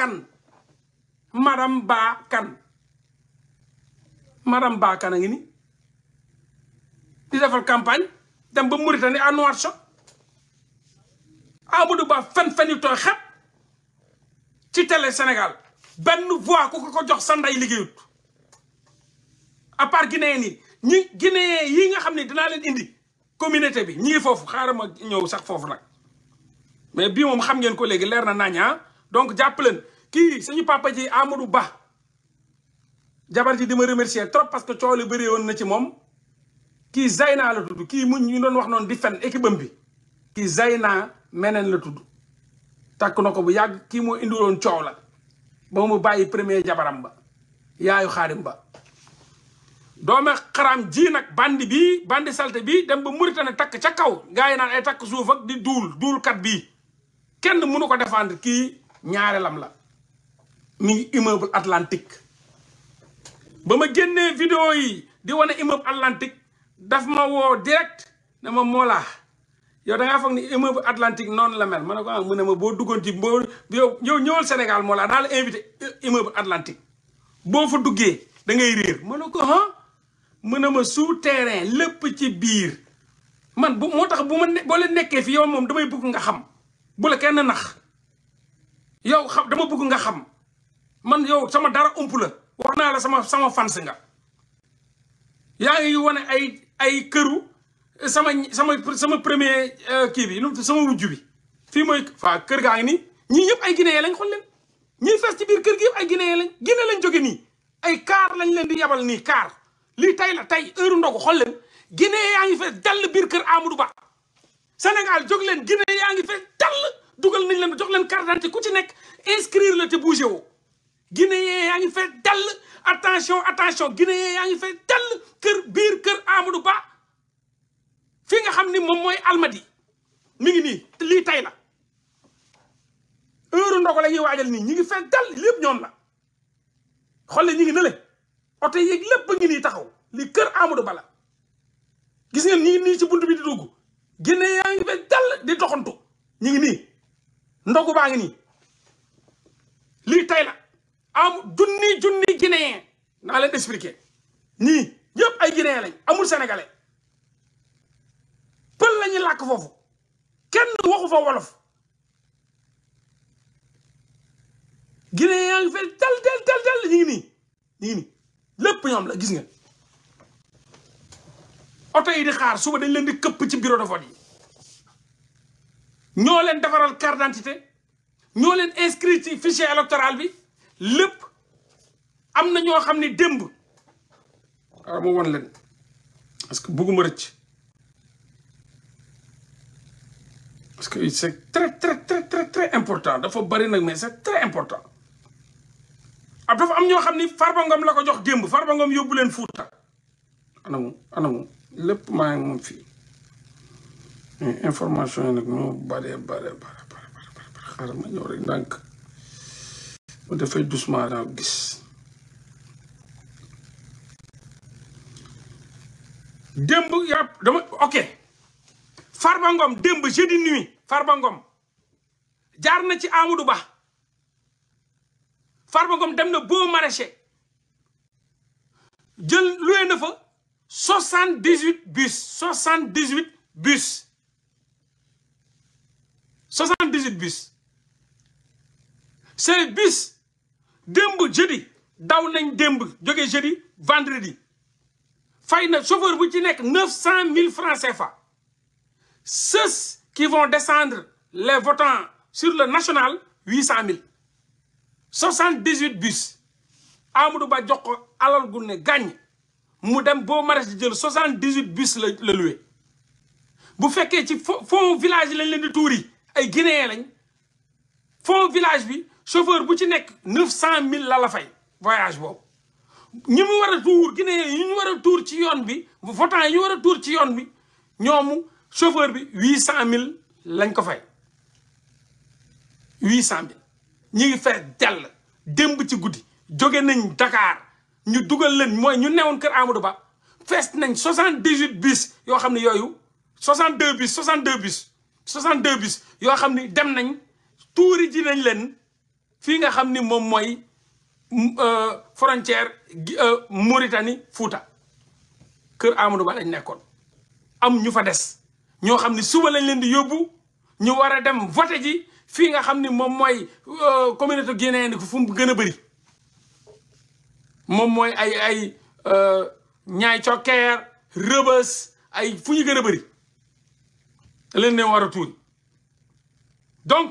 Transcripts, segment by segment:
Kan madame Ba Kan Ba Kan di defal campagne dem ba a noir Nouakchott Amadou Ba fen-fen yu tooy xet ci télé Sénégal ben voix ko ko jox sa ndey liggéeyut à part guinéen ni ñi guinéen yi nga xamni dina leen indi communauté bi ñi fofu xaram ak ma sax fofu nak mais bi mom xam ngeen ko légui lérna nañ ha ah donc jappelen ki suñu papa ji Amadou Ba jabar ji dima remercier trop parce que coow li bëri woon na ci mom ki zaina la tuddu ki mu ñu doon wax non di fen équipe bi ki zaina menen la tuddu tak nako bu la ba mu bayyi premier jabaram ba yaayu xaarim ba doome kharam ji nak bandi bi bandi salte bi dem ba Mauritanie tak ca kaw gaay yi naan ay tak suuf ak di dul kat bi kenn mënu ko défendre ki lam la mi ngi immeuble Atlantique ba ma génnee video yi di wane immeuble Atlantique daf ma woo direct ne ma moolaa yow da ngaa foog ni immeuble Atlantique noonu la mel ma ne ko ah mu ne ma boo duggoon ci boo yow ñëwal Sénégal moolaa invité euh, immeuble Atlantique boo fa duggee da ngay réer ma ne ko ah mu ne lépp ci biir man bu moo tax bu ma ne boo nekkee fi yow moom damay bugg nga xam bu la kenn nax yow xam dama bëgg nga xam man yow sama dara ump la wax naa la sama sama fans nga yaa ngi wane ay ay këru sama sama sama premier euh, kii bi nu sama wujju bi fii mooy waa kër gaa ngi nii ñii yëpp ay guinéen lañ xool leen ñii fees ci biir kër gi yëpp ay guinéen lañ Guinée lañ jóge nii ay kaar lañ leen di yabal nii kaar lii tey la tey heure ndogu xool leen Guinée yaa ngi fees dall biir kër Amadou Ba Sénégal jóg leen Guinée yaa ngi fees dall dugal nañ leen jox leen carte d'identité ku ci nekk inscrire la te bougé woo guinéen yaa ngi fee dell attention attention guinéen yaa ngi fee dell kër biir kër Amadou Ba fii nga xam ni moom mooy almadi mi ngi nii lii tey la heure ndogo la ñuy waajal nii ñi ngi fee lépp ñoom la xolle ñi ngi ne le oto yeeg lépp a ngi taxaw li kër Amadou Ba la gis ngeen ñi ngi nii ci buntu bi di dugg guinéen yaa ngi fee dell di doxantu ñi ngi nii ndogu baa ngi nii lii tey la am junni junni guinéen naa leen expliquer ñii ñëpp ay guinéen lañ amul sénégalais pël la ñuy làkk foofu kenn waxu fa wolof guinéen yaa ngi fee tel tel tel tel ñu ngi nii lépp ñoom la gis nga oto yi di xaar suba dañ leen di këpp ci bureau de vote yi ñoo leen defaral carte d'identité ñoo leen inscrit ci fichier électoral bi lépp am na ñoo xam ni démb waaw ah, moo won leen parce que bugguma rëcc parce que c'est très très très très très important dafa bari nag mais c'est très important ab dafa am ñoo xam ni Farba Ngom la ko jox démb Farba Ngom yóbbu leen Fuuta ana anamu lépp maa moom fii information yi nag ñoo bare bare bare bare bare ma ñëw rek ndànk mu dafay doucement laa gis démb yàpp dama ok Farba Ngom jeudi nuit Farba jaar na ci Amadou Ba Farba dem na Baux Maraîchers jël loué na soixante dix huit bus soixante dix huit bus 78 bus ces bus démb jeudi daw nañ démb jeudi vendredi Fayna chauffeur bu 900 000 francs CFA ceux qui vont descendre les votants sur le national 800 000 78 bus Amadou Ba jox gagne. alal gu ne dit mu 78 bus le louer. loué bu faites ci fond village lañ est di ay guinéen lañ fo village bi chauffeur bu ci nekk neuf cent mille la fay voyage boobu ñi mu war a tuur guinéen yi ñu war a tuur ci yoon bi votant yi ñu war a tuur ci yoon bi ñoomu chauffeur bi huit cent mille lañ ko fay huit cent mille ñi ngi fees dell démb ci guddi jóge nañ Dakar ñu dugal leen mooy ñu newoon kër Amadou Ba fees nañ soixante dix huit bus yoo xam ne yooyu soixante deux bus soixante deux bus 62 bis yoo xam ni dem nañ tuuri ji nañ leen fii nga xam ni moom mooy euh, frontière euh, Mauritanie Fouta kër Amadou Ba lañ nekkoon am ñu fa des ñoo xam ni suba lañ leen di yóbbu ñu war a dem voté ji fii nga xam ni moom mooy euh, communauté guinéenne fum mu gën a bëri moom mooy ay ay ñaay cokkeer rëbës ay fu ñu gën a bëri leen ne war donc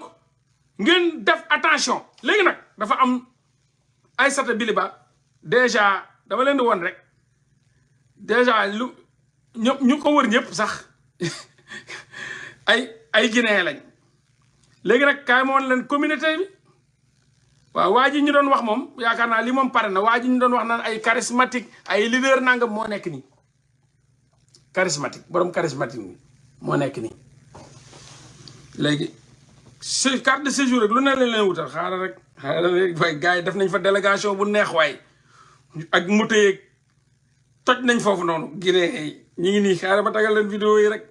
ngeen def attention léegi nag dafa am ay Aïssata Biliba déjà dama leen di woon rek déjà lu ñëpp ñu ko wër ñëpp sax ay ay lañ léegi nag kaay ma woon leen communauté bi waaw waa ji ñu doon wax moom yaakaar naa li moom pare na waa ji ñu doon wax naan ay charismatique ay leader nangam moo nekk nii charismatique borom charismatique moo nekk nii léegi si carte de séjour rek lu ne leen leen wutal xaaral rek xaaral rek yi def nañ fa délégation bu neex waay ak moto yeeg toj nañ foofu noonu Guinée ñu ngi nii xaaral ma dagal leen video yi rek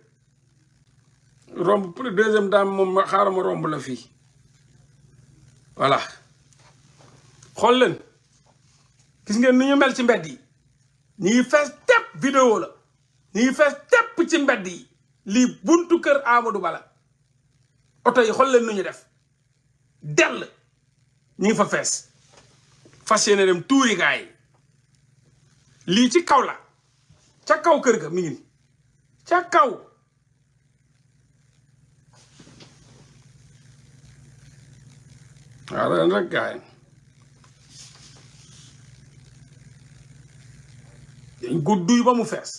romb deuxième dame moom xaaral ma romb la fii voilà xool leen gis ngeen ni ñu mel ci mbedd yi ñu ngi fees tepp vidéo la ñu ngi fees tepp ci mbedd yi lii buntu kër Amadou Bala oto yi xool leen nu ñu def dell ñu ngi fa fees fas yéene dem tuuri gaa yi lii ci kaw la ca kaw kër ga mi ngi ca kaw waaw ren rek gaa yi dañ ko duy ba mu fees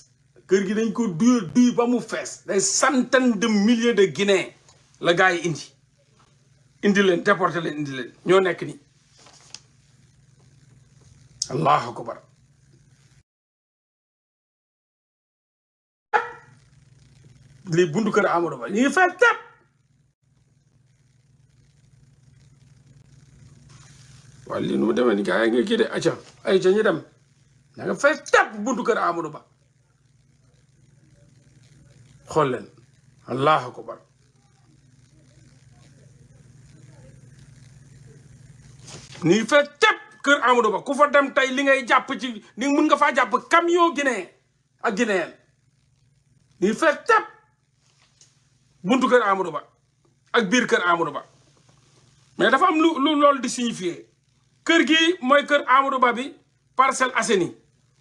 kër gi dañ ko duy duy ba mu fees des centaines de milliers de guinéens la gars yi indi indi leen déporté leen indi leen ñoo nekk ni allahu akbar lii buntu kër Amadou Ba ñu ngi fees tepp nu mu demee ni gars yi nga kii de acca ay ca ñu dem da nga fees tepp buntu kër Ba xool leen allahu akbar ni fa tëpp kër Amadou Ba ku fa dem tey li ngay jàpp ci ni mun nga faa jàpp camion guinéen ak guinéen nii fa tëpp buntu kër Amadou Ba ak biir kër Amadou Ba mais dafa am lu lu loolu di signifier kër gi mooy kër Amadou Ba bi Parcelles Assainies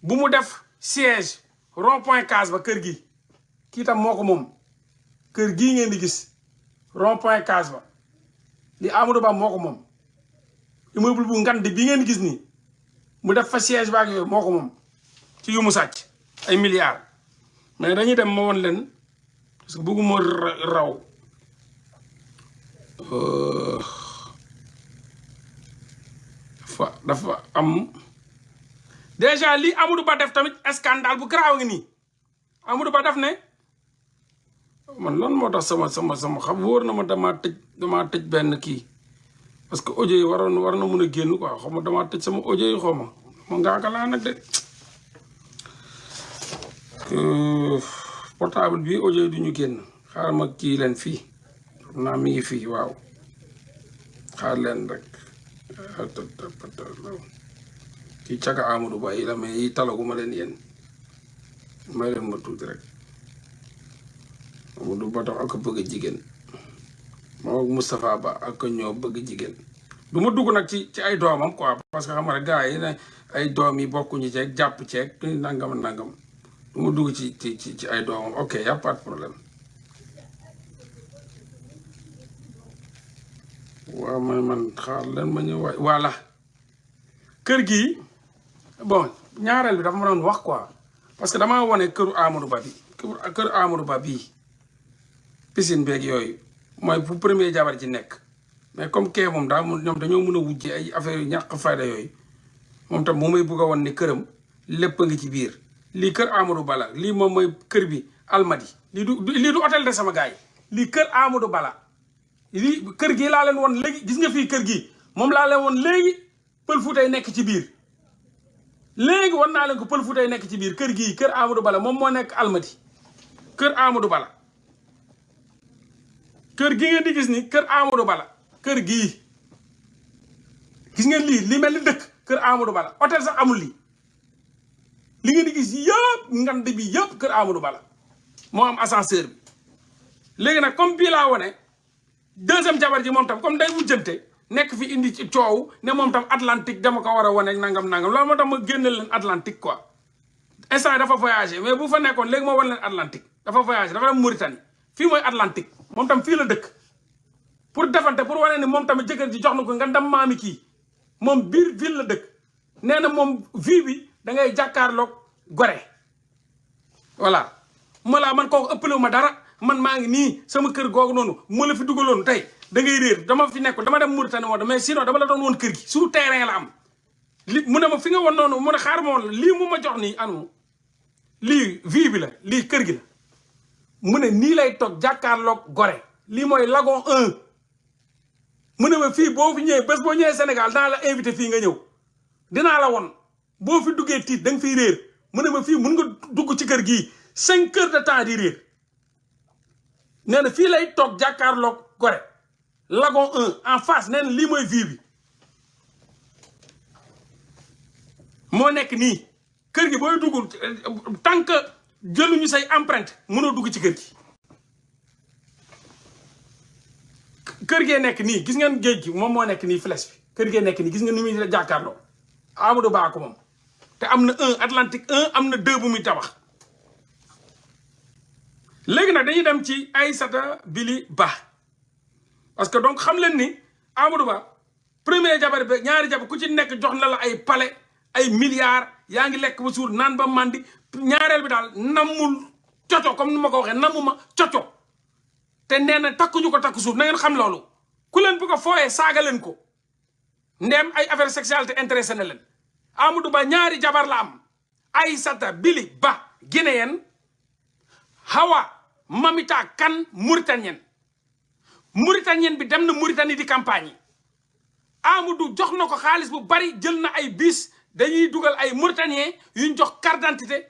bu mu def siège rond point case ba kër gi kii tam moo moom kër gi ngeen di gis rond point case ba di Amadou Ba moo ko moom immeuble bu ngand bi ngeen gis ni mu def fa siège ba ak moo moko mom ci yumu sacc ay milliards mais dañuy dem mo won len parce que bëggu mo raw euh, fa dafa am déjà li Amadou Ba def tamit scandale bu graw ngi ni Amadou Ba def ne man lan motax sama sama sama xam wóor na ma dama tej dama tej ben ki parce que audio waron waroon war genn quoi xoma dama damaa sama audio xoma mo nga ma ngaaka laa nag de portable bi audio yi du ñu génn xaar ma ki len fi na mi ngi fii waaw xaar len rek ki chaka Amadou baye la may yi talaguma len yéen may len ma tuuti rek Amadou Ba tax ak bëgg jigen mo ak Moustapha Ba ak ñoo bëgg jigen du dugg nak ci ci ay domam quoi parce que xam nga gars yi ne ay domi doom yi bokkuñu japp ci ak nangam nangam du dugg ci ci ci ay domam ok ya pas de problème wa man man xaar leen ma ñu waay voilà kër gi bon ñaaral bi dafa ma doon wax quoi parce que dama woné kër Amadou babi kër këru Amadou babi piscine beeg yoy moy fu premier jabar ci nek mais comme ké mom da ñom dañu mëna wujjé ay affaire ñak fayda yoy mom tam momay bëgg won ni ne lepp nga ci biir li kër Amadou bala li mom moy kër bi Almadi li du lii du hôtel de sama gaay li kër Amadou bala li kër gi la leen won légui gis nga fi kër gi mom la leen won légui peul foutay nekk ci biir légui wan na leen ko peul foutay nekk ci biir kër gii kër Amadou bala mom mo nekk Almadi kër Amadou bala do kër gi nga di gis ni kër Amadou bala kër gii gis ngeen lii li mel ni dëkk kër Amadou Ba la sax amul lii li ngeen di gis yëpp ngand bi yëpp kër Amadou Ba la moo am ascenseur bi léegi nag comme bii laa wone deuxième jabar ji moom tam comme day wujjante nekk fi indi ci coow ne moom tam Atlantique dama ko war a wane nangam nangam loolu moo tax ma génne leen Atlantique quoi instant dafa voyagé mais bu fa nekkoon léegi moo wan leen Atlantique dafa voyagé dafa dem Mauritanie fii mooy Atlantique moom tam fii la dëkk pour defante pour wane ni moom tamit jëkkër ji jox na ko nga ndam maami kii moom biir ville la dëkk nee na moom vie bi dangay ngay jàkkaarloog gore voilà malaa man kooku ëppalewu ma dara man maa ngi nii sama kër googu noonu ma fi dugaloon tey da ngay réer dama fi nekk dama dem Mauritanie woon mais sinon dama la woon kër gi sur terrain la am li mu ne ma fi nga woon noonu mu ne xaar lii mu ma jox nii anu lii vie bi la lii kër gi mu ne nii lay toog jàkkaarloog gore lii mooy lagon 1 mu ne ma fii boo fi ñëwee bés boo ñëwee Sénégal dinaa la invité fi nga ñëw dinaa la woon boo fi duggee tiit da nga fiy réer mu ne ma fii mun nga dugg ci kër gi cinq heures de temps di réer nee na fii lay toog jàkkaarloog gore lagon un en face nee lii mooy vie bi moo nekk nii kër gi booy dugg eh, tant que jëluñu say empreinte a dugg ci kër gi kër gee nekk nii gis ngeen géej gi moom moo nekk nii kër gee nekk nii gis ngeen nu muy jàkkaarloo Amadou Ba ko moom te am na un Atlantique am na deux bu muy tabax léegi nag dañuy dem ci ay Aïssata Bili Ba parce que donc xam leen ni Amadou Ba premier jabar ba ñaari jabar ku ci nekk jox na la ay pale ay milliards yaa ngi lekk ba suur naan ba màndi ñaareel bi daal namul coco comme ni ma ko waxee namuma coco té néna na takkuñu ko takku suuf na ngeen xam loolu ku leen bëgg a fooyee saaga leen ko ndem ay affaire sexualité intéressé na leen Amadou Ba ñaari jabar la am Aïssata Bili Ba guinéen Hawa Mamita Kan mauritanien mauritanien bi dem na Mauritanie di campagne Amadou jox nako ko bu bari jël na ay bis dañuy duggal ay mauritanien yuñ jox carte d'identité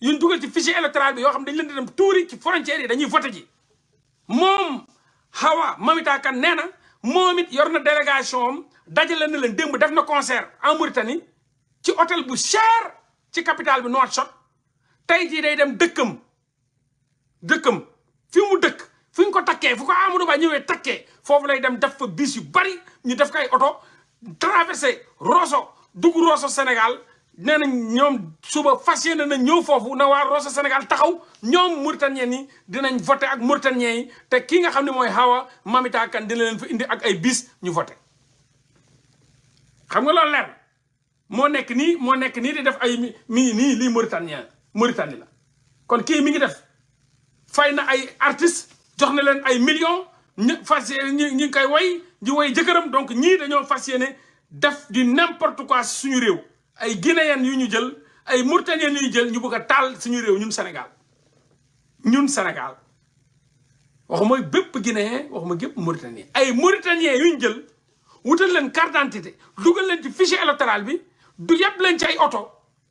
yuñ duggal ci fichier électoral bi yo xam dañ leen dem touri ci frontière yi dañuy voter ji moom Hawa Mamita kan nee na moom yor na délégation am dajale na leen démb def na concert en Mauritanie ci hôtel bu cher ci capitale bi Nouakchott tey jii day dem dëkkam dëkkam fi mu dëkk fi ñu ko takkee fu ko Amadou Ba ñëwee takkee foofu lay dem def fa bis yu bari ñu def ko ay oto traversé Rosso dugg Rosso Sénégal nee nañ ñoom suba fas yéene na ñëw foofu na waa Rosso Sénégal taxaw ñoom mauritanien yi dinañ voté ak mauritanien yi te ki nga xam ne mooy Hawa Mamita Kane dina leen fa indi ak ay bis ñu voté xam nga loolu leer moo nekk nii moo nekk nii di def ay mi nii lii mauritanien Mauritanie la kon kii mi ngi def fay na ay artistes jox na leen ay millions ñu fas yéene ñi ngi koy woy di woy jëkkëram donc ñii dañoo fas yéene def di n'importe quoi suñu réew ay guinéen yu ñu jël ay mauritanien yu ñu jël ñu bëgg a taal suñu réew ñun Sénégal ñun Sénégal waxuma bépp guinéen waxuma gépp mauritanien ay mauritanien yu ñu jël wutal leen carte d'identité dugal leen ci fichier électoral bi du yàpp leen ci ay oto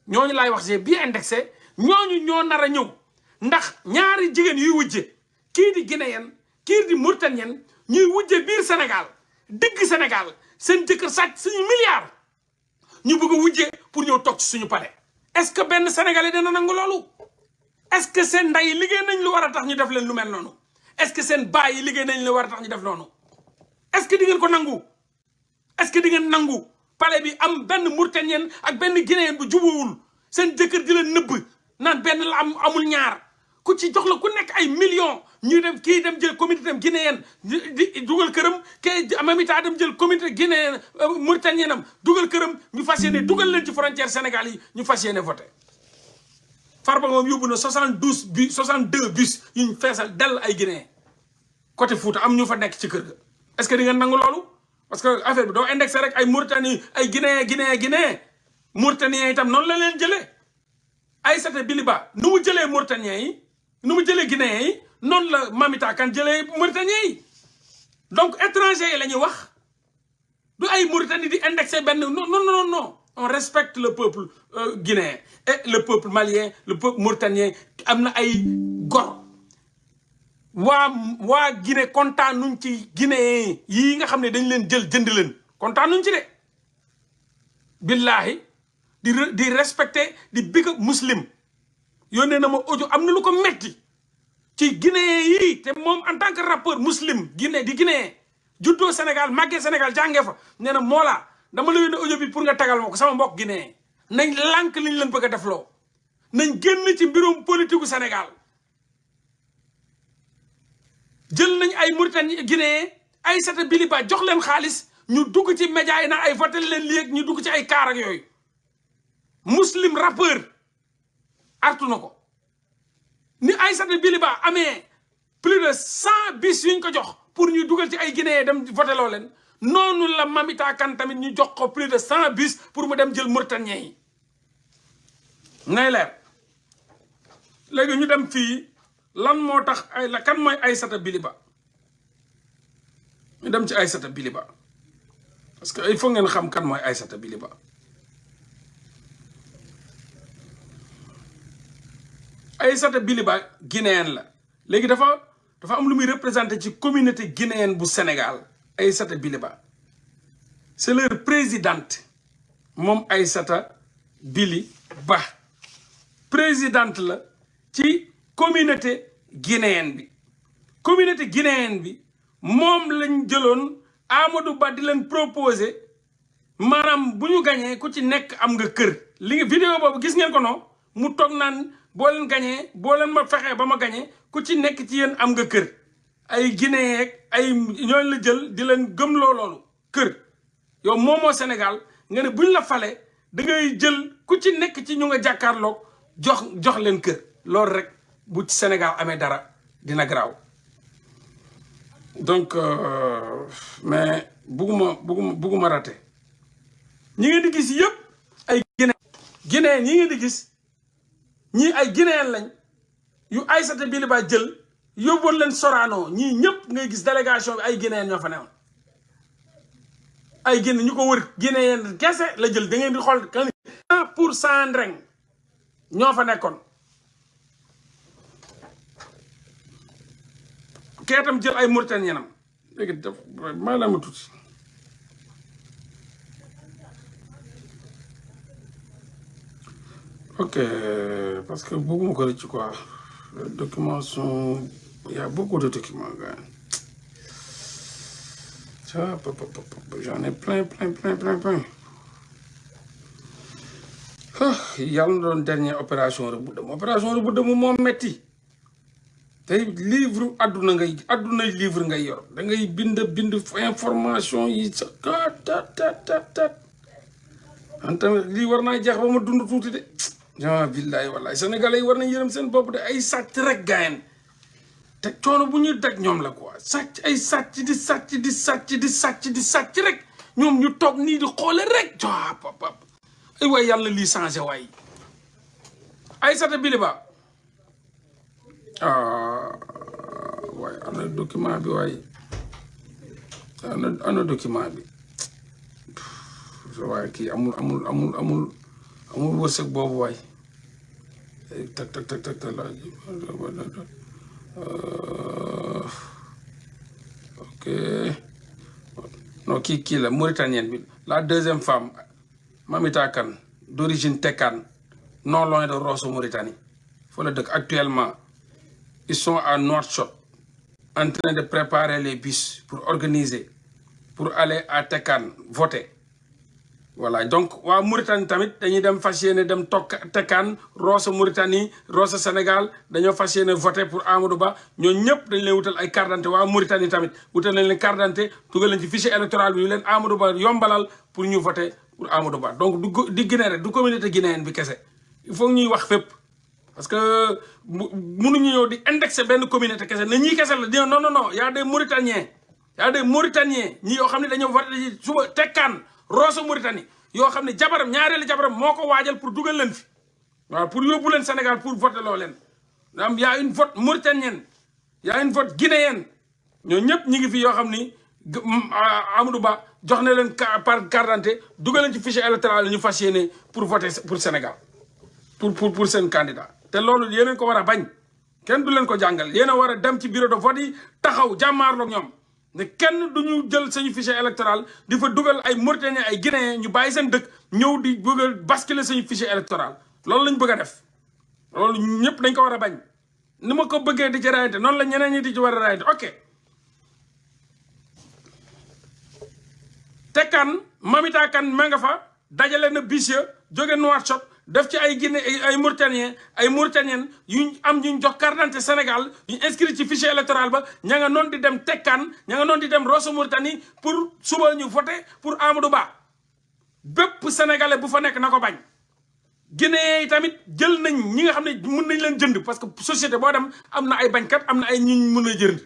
ñooñu laay wax bi bien indexé ñooñu ñoo nar a ñëw ndax ñaari jigéen yuy wujje kii di guinéen kii di mauritanien ñuy wujje biir senegal digg senegal seen jëkkër sàcc suñu milliards ñu bëgg a wujjee pour ñëw toog suñu palais est-ce que benn sénégalais na nangu loolu est-ce que seen ndey yi liggéey nañ lu war a tax ñu def leen lu mel noonu est-ce que seen baay yi liggéey nañ lu war a tax ñu def noonu est-ce que di ngeen ko nangu est que di ngeen nangu palais bi am benn Mauritanien ak benn Guinéen bu jubóowul seen jëkkër di la nëbb naan benn la am amul ñaar ku ci jox la ku nekk ay millions ñuy dem kii dem jël communauté am guinéenne di dugal këram kii Mamita dem jël communauté guinéenne euh, mauritanienne am dugal këram ñu fas yéene dugal leen ci frontière Sénégal yi ñu fas yéene voté. Farba moom yóbbu na 72 bus 62 bus yu ñu feesal dell ay Guinéen côté Fouta am ñu fa nekk ci kër ga est-ce que di ngeen nangu loolu parce que affaire bi doo indexé rek ay Mauritanie ay Guinée Guinée Guinée Mauritaniens itam noonu la leen jëlee Aïssata Biliba nu mu jëlee Mauritaniens yi. Nous sommes les Guinéens, non la Mamita donc étranger Nous wax du ay Mauritanie di non non non on respecte le peuple euh, guinéen et le peuple malien le peuple mauritanien amna ay gor wa wa Guinée kontaan nuñ ci guinéen yi nga xamné dañ leen jël jënd leen nuñ ci de billahi di di big muslim yone na ma audio amna na lu ko metti ci guinée yi té mom en tant que rappeur muslim guinée di guinée juddoo Sénégal màggee Sénégal jangé fa néna na Mollah dama la yone audio bi pour nga tagal mako sama mbokk guinée nañ lank liñ leen bëgg def lo nañ génn ci mbirum politique Sénégal jël nañ ay Mauritanie guinée ay sata biliba jox leen xaalis ñu dugg ci média yi na ay voter leen li ak ñu dugg ci ay kaar ak yoy muslim rappeur artu na ko ni Aïssata Biliba amé plus de 100 bis yuñ ko jox pour ñu dugal ci ay Guinéen dem voter loo leen akan la Mamita kan tamit ñu jox ko plus de 100 bis pour mu dem jël Mauritanien yi ngay leer légui ñu dem fi lan moo ay la kan mooy Aïssata Biliba ñu dem ci Aïssata Biliba parce que il faut ngeen xam kan mooy Aïssata Biliba ay Aïssata Biliba guinéenne la léegi dafa dafa am lu muy représenté ci communauté guinéenne bu Sénégal Aïssata Biliba c'est leur présidente moom ay sata bili Biliba présidente la ci communauté guinéenne bi communauté guinéenne bi moom lañ jëloon Amadou Ba di leen proposé maanaam bu ñu gañee ku ci nekk am nga kër li nga vidéo boobu gis ngeen ko non mu toog naan boo leen gañee boo leen ma fexee ba ma gañee ku ci nekk ci yéen am nga kër ay Guinée ay ñooñu la jël di leen gëm loolu kër yow moomoo Sénégal nga ne buñ la fale da jël ku ci nekk ci ñu nga jàkkaarloog jox jox leen kër loolu rek bu ci Sénégal amee dara dina garaaw donc euh, mais bugguma bugguma bugguma raté ñi ngeen di gis yëpp ay Guinée Guinée ñi ngeen di gis ñii ay guinéen lañ yu Aïssata Bili Ba jël yóbboon leen soraanoo ñii ñëpp ngay gis délégation bi ay guinéen ñoo fa newoon ay Guinée ñu ko wër guinéen kese la jël da di xool kan pour cent ndreng ñoo fa nekkoon keetam jël ay Mauritanienam léegi def maa la ma tuuti Ok, parce que beaucoup me connaissent quoi. Les documents sont. Il y a beaucoup de documents, gars. J'en ai plein, plein, plein, plein, plein. Ah, il y a une dernière opération rebout de mon opération rebout de mon métier. as livre àdduna ngay àdduna livre ngay yor da ngay bind bind information as sa kat tu as tat ante lii war naa jeex ba ma dund tuuti de ah billaay wallaay sénégalais yi war nañ yërëm seen bopp de ay sàcc rek gaayen te coono bu ñu daj ñoom la quoi sàcc ay sàcc di sàcc di sacc di sàcc di sàcc rek ñoom ñu toog nii di xoole rek jaa pap ay waay yàlla lii changé waay Aïssata Biliba ah waay ana document bi waay ana document bi waaye kii amul amul amul amul Euh, ok non qui est la mauritanienne la deuxième femme Mamita Khan, d'origine Tekane non loin de Rosso Mauritanie actuellement ils sont à Shore, en train de préparer les bus pour organiser pour aller à Tekan, voter voilà donc wa Mauritanie tamit dañuy dem fasiyene dem tok tekan rosa Mauritanie rosa Sénégal dañu fasiyene voter pour Amadou Ba ñoo ñep dañ leen wutal ay carte d'identité wa Mauritanie tamit wutal nañ leen carte d'identité tugal leen ci fichier électoral bi ñu leen Amadou Ba yombalal pour ñu voter pour Amadou Ba donc du di Guinée rek du communauté guinéenne bi kese il faut ñuy wax fep parce que ñu ñëw di indexer ben communauté kese na ñi kese la di non non non y a des Mauritaniens y a des Mauritaniens ñi yo xamni dañu voter ci suba tekan Rosso Mauritanie yoo xam ne jabaram ñaareelu jabaram moo ko waajal pour dugal leen fi waaw pour yóbbu leen Sénégal pour voté loo leen am y' a une vote mauritanienne y' a une vote guinéenne ñoo ñëpp ñi ngi fi yoo xam ni Amadou Ba jox na leen par carte d'identité dugal leen ci fichier électoral ñu fas yéene pour voter pour Sénégal pour pour pour seen te loolu yéen ko war a bañ kenn du leen ko jàngal yéen a war a dem ci bureau de vote yi taxaw jàmmaarloog ñoom. ne kenn duñu jël sañu fichier électoral di fa dugal ay Mauritaniens ay guinéen ñu bàyyi seen dëkk ñew di bëggal basculer sañu fichier électoral loolu lañ bëgg def loolu ñëpp dañ ko wara bañ ni ko bëggee di ci raayante noonu la ñeneen ñi di ci wara a raayante ok te kan Mamita kan ma nga fa dajale na bis ya noir shot def ci ay Guinée ay Mauritanien ay Mauritanienne yu am ñu jox carte d'identité Sénégal ñu inscrit ci fichier électoral ba ña nga noon di dem Tekkaan ña nga noon di dem Rosso Mauritanie pour suba ñu voté pour Amadou Ba bépp sénégalais bu fa nekk na ko bañ. Guinée yi tamit jël nañ ñi nga xam ne mun nañ leen jënd parce que société boo dem am na ay bañkat am na ay ñu mën a jënd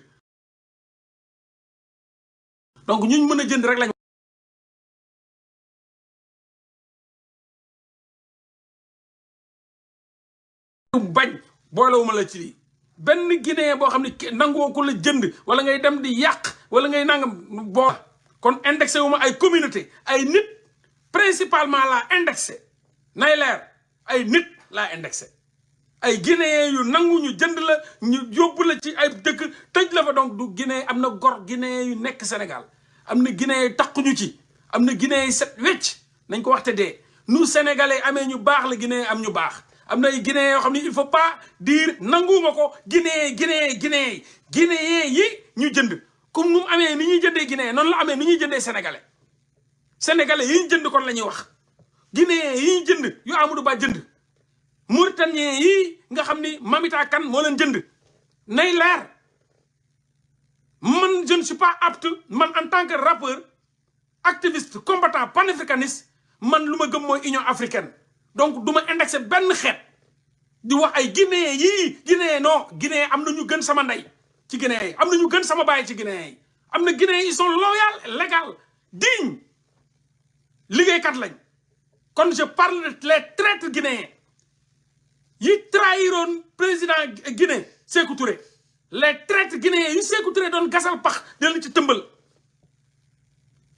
donc ñuñ mën a jënd rek lañ bañ boolewuma la ci lii benn guinéen boo xam ne nangoo ko la jënd wala ngay dem di yàq wala ngay nangam boo kon indexé wu ma ay communauté ay nit principalement la indexé nay leer ay nit laa indexé ay guinéen yu nangu ñu jënd la ñu yóbbu la ci ay dëkk tëj la fa donc du guinéen am na gor guinéen yu nekk Sénégal am na guinéen yu takkuñu ci am na guinéen yu set wecc nañ ko waxte dee nu sénégalais amee ñu baax la guinéen am ñu baax am na ay guinéen yoo xam ne il faut pas dire nanguuma ko guinéen guinéen guinéen guinéen yi ñu jënd comme nu amee ni ñuy jëndee guinéen noonu la amee nu ñuy jëndee sénégalais sénégalais yi jënd kon la ñuy wax guinéen yi jënd yu Amadou Ba jënd mauritanien yi nga xam ni Mamita kan moo leen jënd nay leer man je ne suis man en tant que rappeur activiste combattant panafricaniste man lu ma gëm mooy Union africaine donc je ma indexé ben xet di wax ay guinéen yi guinéen non guinéen amna ñu gën sama nday ci guinéen amna ñu gën sama baye ci guinéen amna Guinéens guinéen ils sont loyal légal digne kat lañ Quand je parle de les traîtres guinéens yi trahiront président Guinée Sékou Touré les traîtres guinéens yu Sékou Touré doon gassal pax dellu ci tëmbal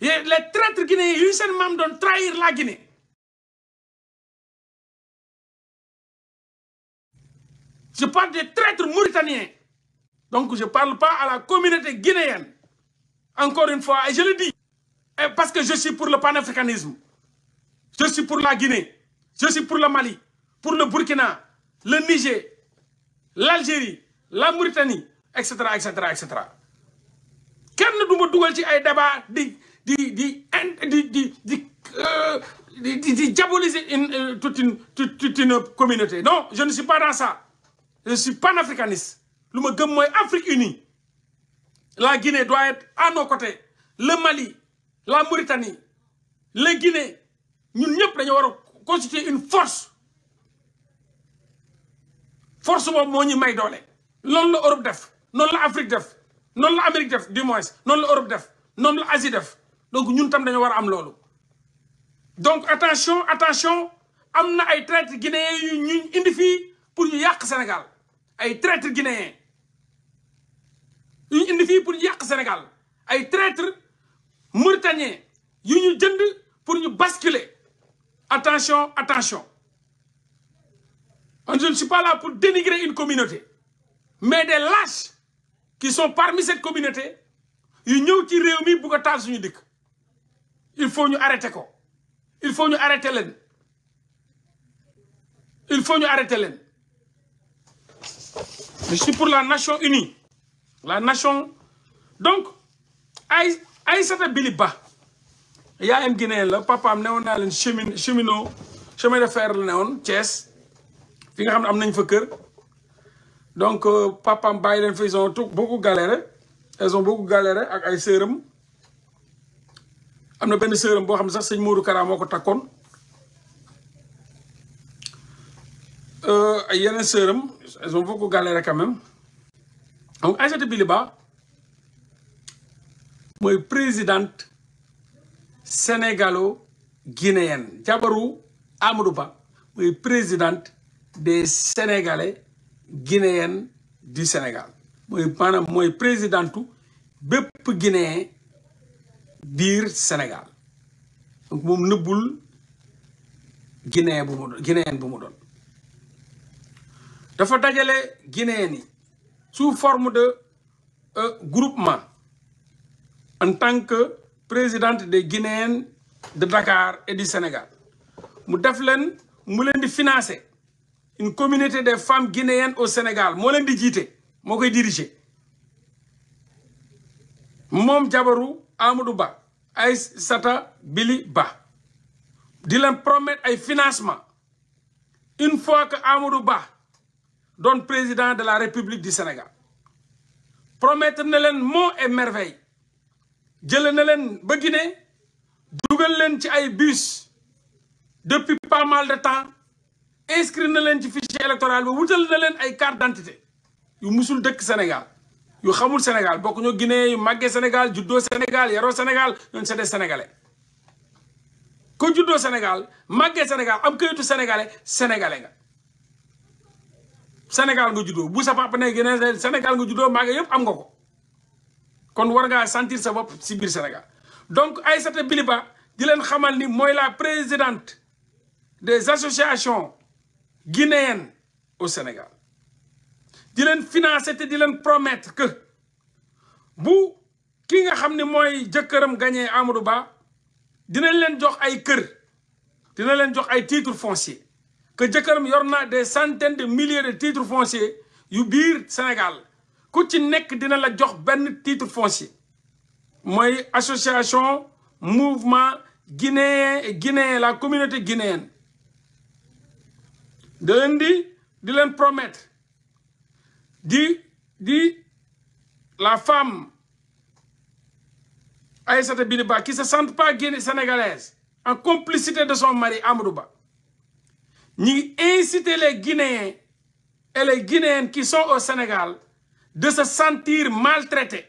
les traîtres guinéens ils sen mam trahir la Guinée Je parle des traîtres mauritaniens. Donc je ne parle pas à la communauté guinéenne. Encore une fois, et je le dis, eh, parce que je suis pour le panafricanisme. Je suis pour la Guinée. Je suis pour le Mali, pour le Burkina, le Niger, l'Algérie, la Mauritanie, etc. etc., etc. diaboliser euh, toute une communauté non je ne suis pas dans ça je suis panafricaniste lu ma gëm mooy Afrique uni la Guinée doit a à nos côtés le Mali la Mauritanie la Guinée ñun ñëpp dañoo war a constituer une force force moom moo ñu may doole. loolu la Europe def noonu la Afrique def noonu la Amérique def du moins noonu la Europe def noonu la Asie def donc ñun tam dañoo war a am loolu donc attention attention am na ay traîtres guinéens yu ñu fii. pour ñu yak Sénégal ay traîtres guinéens. ñu indi fi pour ñu Sénégal ay yu pour ñu basculer attention attention je ne suis pas là pour dénigrer une communauté mais des lâches qui sont parmi cette communauté yu ñëw ci réew mi bu ko suñu il faut ñu arrêter ko il faut ñu arrêter il faut ñu arrêter je suis pour la nation unie la nation donc ay Aïssata Bili Ba yaayam Guinée la papaam newoon naa leen chemin cheminot chemin de fer la newoon cees fi nga xam ne am nañ fa kër donc euh, papaam bàyyi leen fa ils ont beaucoup galéré ils ont beaucoup galéré ak ay sëram am na benn sëram boo xam ne sax sëñ Modou Kara moo ko takkoon Euh, ay yeneen sëram elles ont beaucoup galéré quand même donc Aïssata Biliba mooy présidente sénégalo-guinéenne jabaru Amadou Ba mooy présidente des sénégalais guinéennes du Sénégal mooy maanaam mooy présidentu bépp guinéen biir Sénégal donc moom nëbbul guinéen bu mu doon guinéen bu mu doon dafa dajale guinéen sous forme de euh, groupement en tant que présidente des guinéennes de Dakar et du Sénégal mu def len mu di financer une communauté de femmes guinéennes au Sénégal mo len di Je mo koy diriger mom Jabarou Amadou Ba Aïssata Bili Ba di len promettre ay financement une fois que Amadou Ba donne président de la république du Sénégal promettre nous mots et merveilles jële na leen Guinée dugal ci ay bus depuis pas mal de temps Inscrire les dans ci fichier électoral Vous wutal carte d'identité yu musul de Sénégal yu xamul Sénégal bokk en Guinée yu màggee Sénégal judo Sénégal yaro Sénégal Vous c'est des Sénégalais ko Judo Sénégal màggee Sénégal am kayitu Sénégalais Sénégalais sénégal nga juddoo bu sa papa ne Guinée sénégal nga juddoo maa ngi yëpp am nga ko kon war nga sentir sa bop ci bir sénégal donc Aïssata Biliba di leen xamal ni moy la présidente des associations guinéennes au sénégal di leen financer te di leen promettre que bu ki nga xamni moy mooy jëkkëram gagné Amadou Ba dina leen jox ay kër dina leen jox ay titre foncier que qu'il y des centaines de milliers de titres fonciers yu bir Sénégal ku ci nek dina la jox ben titre foncier une association mouvement guinéen guinéen la communauté guinéenne De leen di len promettre di la femme Aïssata Bini Ba qui se sent pas guinéenne sénégalaise en complicité de son mari Amruba. ñu ngi inciter les Guinéens et les Guinéennes qui sont au Sénégal de se sentir maltraités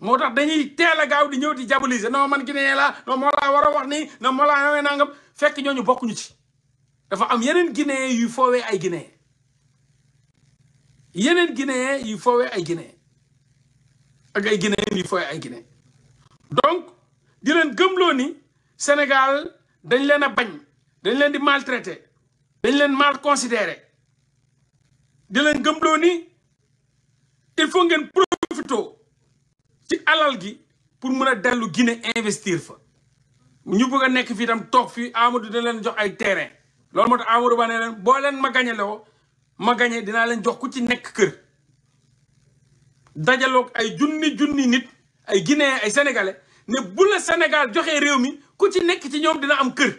moo tax dañuy teel a gaaw di ñëw di diaboliser non man Guinéen laa non moo laa war a wax nii non moo laa nawee nangam fekk ñooñu bokkuñu ci dafa am yeneen Guinéen yu foowee ay Guinéen yeneen Guinéen yu foowee ay Guinéen ak ay Guinéen yu foowee ay Guinéen donc di leen gëmloo ni Sénégal dañ leen a bañ dañ leen di maltraité dañ leen mal considéré di leen gëmloo ni il faut ngeen profito ci alal gi pour mën a dellu Guinée investir fa ñu bëgg a nekk fii tam toog fii Amadou dina leen jox ay terrain loolu moo tax Amadou Ba ne leen boo leen ma gañe loo ma gañe dinaa leen jox ku ci nekk kër dajaloog ay junni junni nit ay Guinéen ay sénégalais ne bu la Sénégal joxe réew mi ku ci nekk ci ñoom dina am kër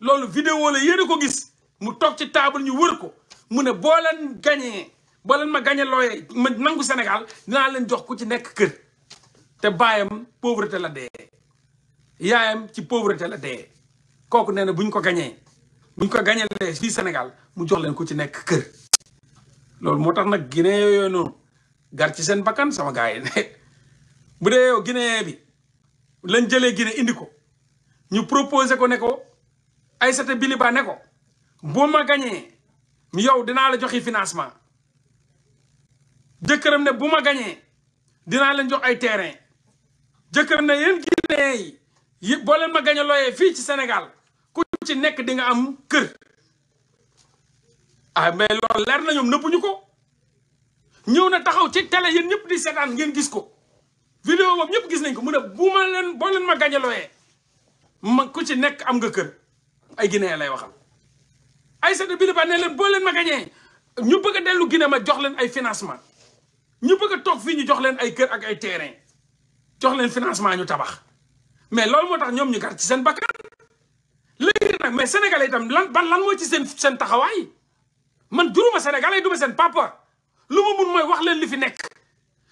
loolu vidéo la yéen ko gis mu toog ci taabul ñu wër ko mu ne boo leen gañee boo leen ma gañe looyee ma nangu Sénégal dinaa leen jox ku ci nekk kër te baayam pauvreté la dee yaayam ci pauvreté la dee kooku nee na bu ñu ko gañee bu ñu ko gañelee fii Sénégal mu jox leen ku ci nekk kër loolu moo tax nag Guinée yooyu noonu gar ci seen bakkan sama gars yi ne bu dee yow Guinée bi lañ jëlee Guinée indi ko ñu proposé ko ne ko Aïssata Biliba ne ko boo ma gañee yow dinaa la joxi financement jëkkëram ne bu ma gañee dinaa leen jox ay terrain jëkkëram ne yéen Guinéen yi boo leen ma gañe looyee fii ci Sénégal ku ci nekk di nga am kër ah mais loolu leer na ñoom nëbbuñu ko ñëw na taxaw ci télé ñëpp di seetaan ngeen gis ko vidéo boobu ñëpp gis nañ ko mu ne bu ma leen boo leen ma gañe looyee ku ci nekk am nga kër ay Guinéen lay waxal sa de Ba ne len bo len ma gagné ñu bëgg a dellu Guinée ma jox len ay financement ñu bëgg a fi ñu jox len ay kër ak ay terrain jox len financement ñu tabax mais lool motax ñom ñu gar ci sen bakkar leer nak mais sénégalais tam lan ban lan mo ci sen sen taxaway man juruma sénégalais duma sen papa lu ma mun moy wax len li fi nek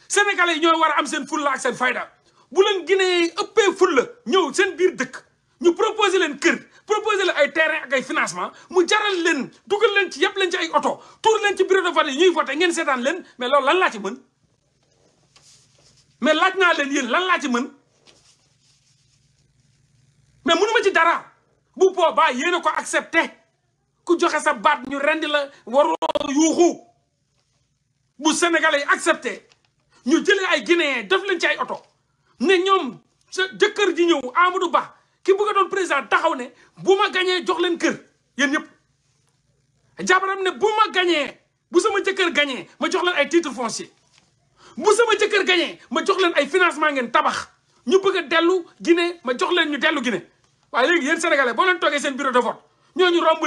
sénégalais yi wara a am sen fulla ak sen fayda bu len Guinée ëppé fulla ñew sen biir dëkk ñu proposer leen kër proposer leen ay terrain ak financement mu jaral leen dugal leen ci yëpp leen ci ay oto tuur leen ci bureau de vote yi ñuy voté ngeen seetaan leen mais loolu lan laa ci mën mais laaj naa leen yéen lan laa ci mën mais mënu ma ci dara bu boobaa yéen a ko accepté ku joxe sa baat ñu rendi la waroo yuuxu bu sénégalais yi accepté ñu jëlee ay guinéen def leen ci ay oto ne ñoom jëkkër ji ñëw Amadou Ba ki bëgg a doon président taxaw ne bu ma gañee jox leen kër yéen ñëpp jabaram ne bu gañee bu sama jëkkër gañee ma jox leen ay titre foncier bu sama jëkkër gañee ma jox leen ay financement ngeen tabax ñu bëgg dellu Guinée ma jox leen ñu dellu Guinée waaye léegi yéen sénégalais boo leen toogee seen bureau de vote ñooñu romb